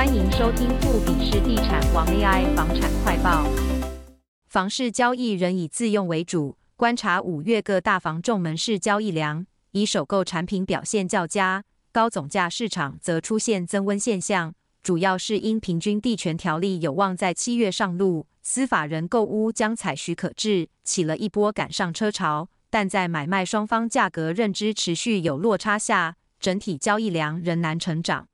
歡迎收聽富比士地產王 AI 房產快報。房市交易仍以自用為主，觀察五月各大房仲門市交易量，以首購產品表現較佳，高總價市場則出現增溫現象。主要是因平均地權條例有望在七月上路，私法人購屋將採許可制，起了一波趕上車潮。但在買賣雙方價格認知持續有落差下，整體交易量仍難成長。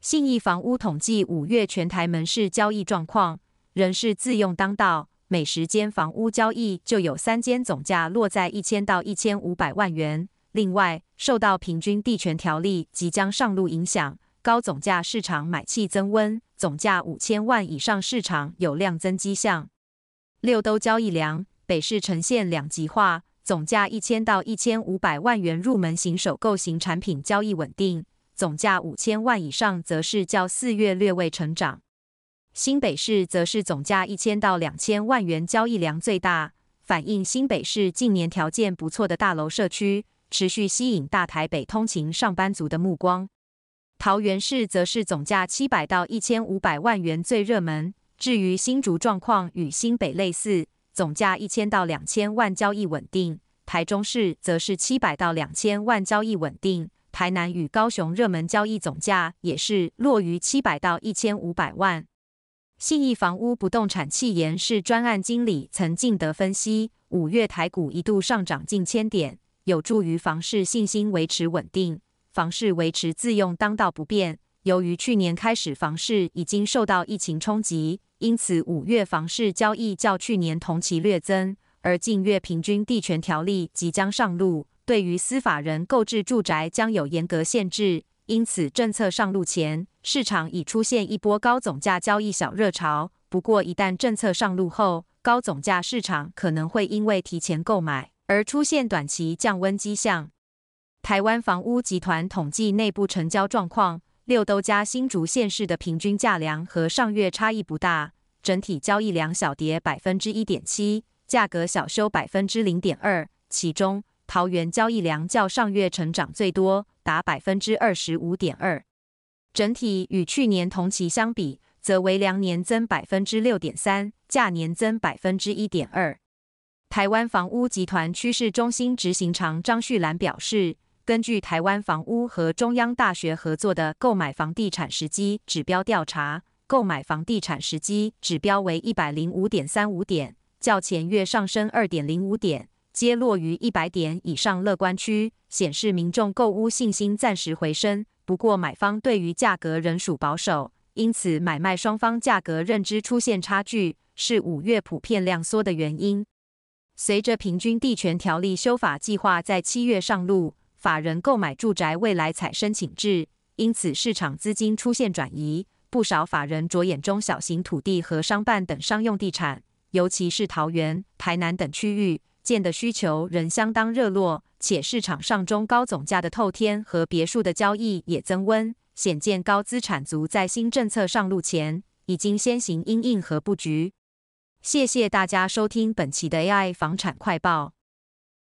信義房屋統計五月全台門市交易狀況，仍是自用當道，每十間房屋交易就有三間總價落在一千到一千五百萬元。另外，受到平均地權條例即將上路影響，高總價市場買氣增溫，總價五千萬以上市場有量增跡象。六都交易量北市呈現兩極化，總價一千到一千五百萬元入門型首購型產品交易穩定。總價五千萬以上，則是較四月略微成長。新北市則是總價一千到兩千萬元交易量最大，反映新北市近年條件不錯的大樓社區，持續吸引大台北通勤上班族的目光。桃園市則是總價七百到一千五百萬元最熱門。至於新竹狀況與新北類似，總價一千到兩千萬交易穩定。台中市則是七百到兩千萬交易穩定。台南與高雄熱門交易總價也是落於七百到一千五百萬。信義房屋不動產企研室專案經理曾敬德分析，五月台股一度上漲近千點，有助於房市信心維持穩定。房市維持自用當道不變，由於去年開始房市已經受到疫情衝擊，因此五月房市交易較去年同期略增。而近月平均地權條例即將上路。對於私法人購置住宅將有嚴格限制，因此政策上路前，市場已出現一波高總價交易小熱潮。不過，一旦政策上路後，高總價市場可能會因為提前購買而出現短期降溫跡象。台灣房屋集團統計內部成交狀況，六都加新竹縣市的平均價量和上月差異不大，整體交易量小跌百分之一點七，價格小修百分之零點二，其中。桃園交易量較上月成長最多，達百分之二十五點二。整體與去年同期相比，則為量年增百分之六點三，價年增百分之一點二。台灣房屋集團趨勢中心執行長張旭嵐表示，根據台灣房屋和中央大學合作的購買房地產時機指標調查，購買房地產時機指標為一百零五點三五點，較前月上升二點零五點。皆落於一百點以上樂觀區，顯示民眾購屋信心暫時回升。不過，買方對於價格仍屬保守，因此買賣雙方價格認知出現差距，是五月普遍量縮的原因。隨着平均地權條例修法計劃在七月上路，法人購買住宅未來採申請制，因此市場資金出現轉移，不少法人着眼中小型土地和商辦等商用地產，尤其是桃園、台南等區域。建的需求仍相當熱絡，且市場上中高總價的透天和別墅的交易也增溫，顯見高資產族在新政策上路前已經先行因應和布局。謝謝大家收聽本期的 AI 房產快報。